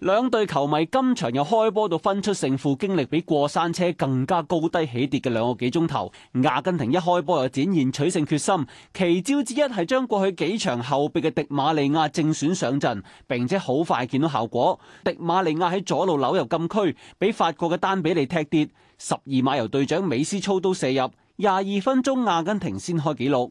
兩隊球迷今場又開波到分出勝負，經歷比過山車更加高低起跌嘅兩個幾鐘頭。阿根廷一開波又展現取勝決心，奇招之一係將過去幾場後備嘅迪馬利亞正選上陣，並且好快見到效果。迪馬利亞喺左路扭入禁區，俾法國嘅丹比利踢跌十二碼，由隊長美斯操刀射入。廿二分鐘，阿根廷先開紀錄。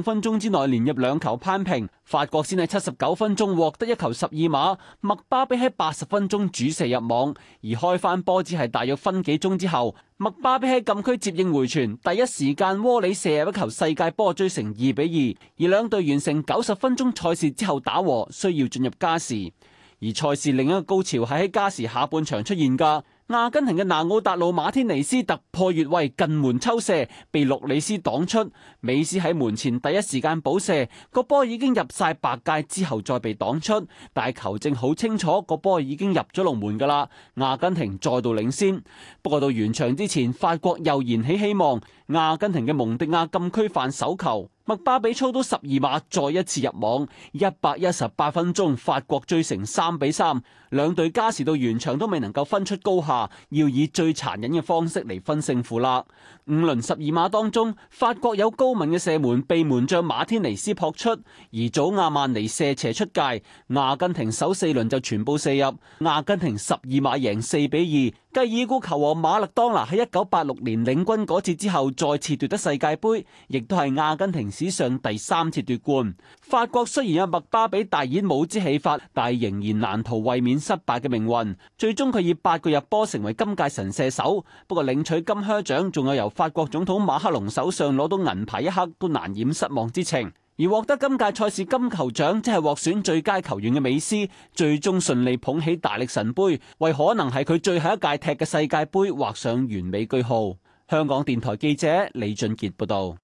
五分鐘之內連入兩球，攀平，法國先喺七十九分鐘獲得一球十二碼，麥巴比喺八十分鐘主射入網而開翻波。只係大約分幾鐘之後，麥巴比喺禁區接應回傳，第一時間窩裏射入一球，世界波追成二比二，而兩隊完成九十分鐘賽事之後打和，需要進入加時，而賽事另一個高潮係喺加時下半場出現噶。阿根廷嘅南奧達魯馬天尼斯突破越位近門抽射，被洛里斯擋出。美斯喺門前第一時間補射，個波已經入晒白界之後再被擋出，但係球證好清楚，個波已經入咗龍門噶啦。阿根廷再度領先。不過到完場之前，法國又燃起希望。阿根廷嘅蒙迪亞禁區犯手球。麥巴比操刀十二碼，再一次入網，一百一十八分鐘，法國追成三比三，兩隊加時到完場都未能夠分出高下，要以最殘忍嘅方式嚟分勝負啦。五輪十二碼當中，法國有高敏嘅射門被門將馬天尼斯撲出，而祖亞曼尼射斜出界，阿根廷首四輪就全部射入，阿根廷十二碼贏四比二。繼已故球王馬勒當拿喺一九八六年領軍嗰次之後，再次奪得世界杯，亦都係阿根廷，史上第三次奪冠，法國雖然有麥巴比大演帽子戲法，但係仍然難逃衛冕失敗嘅命運。最終佢以八個入波成為今屆神射手，不過領取金靴獎仲有由法國總統馬克龍手上攞到銀牌一刻都難掩失望之情。而獲得今屆賽事金球獎，即係獲選最佳球員嘅美斯，最終順利捧起大力神杯，為可能係佢最後一屆踢嘅世界杯畫上完美句號。香港電台記者李俊傑報道。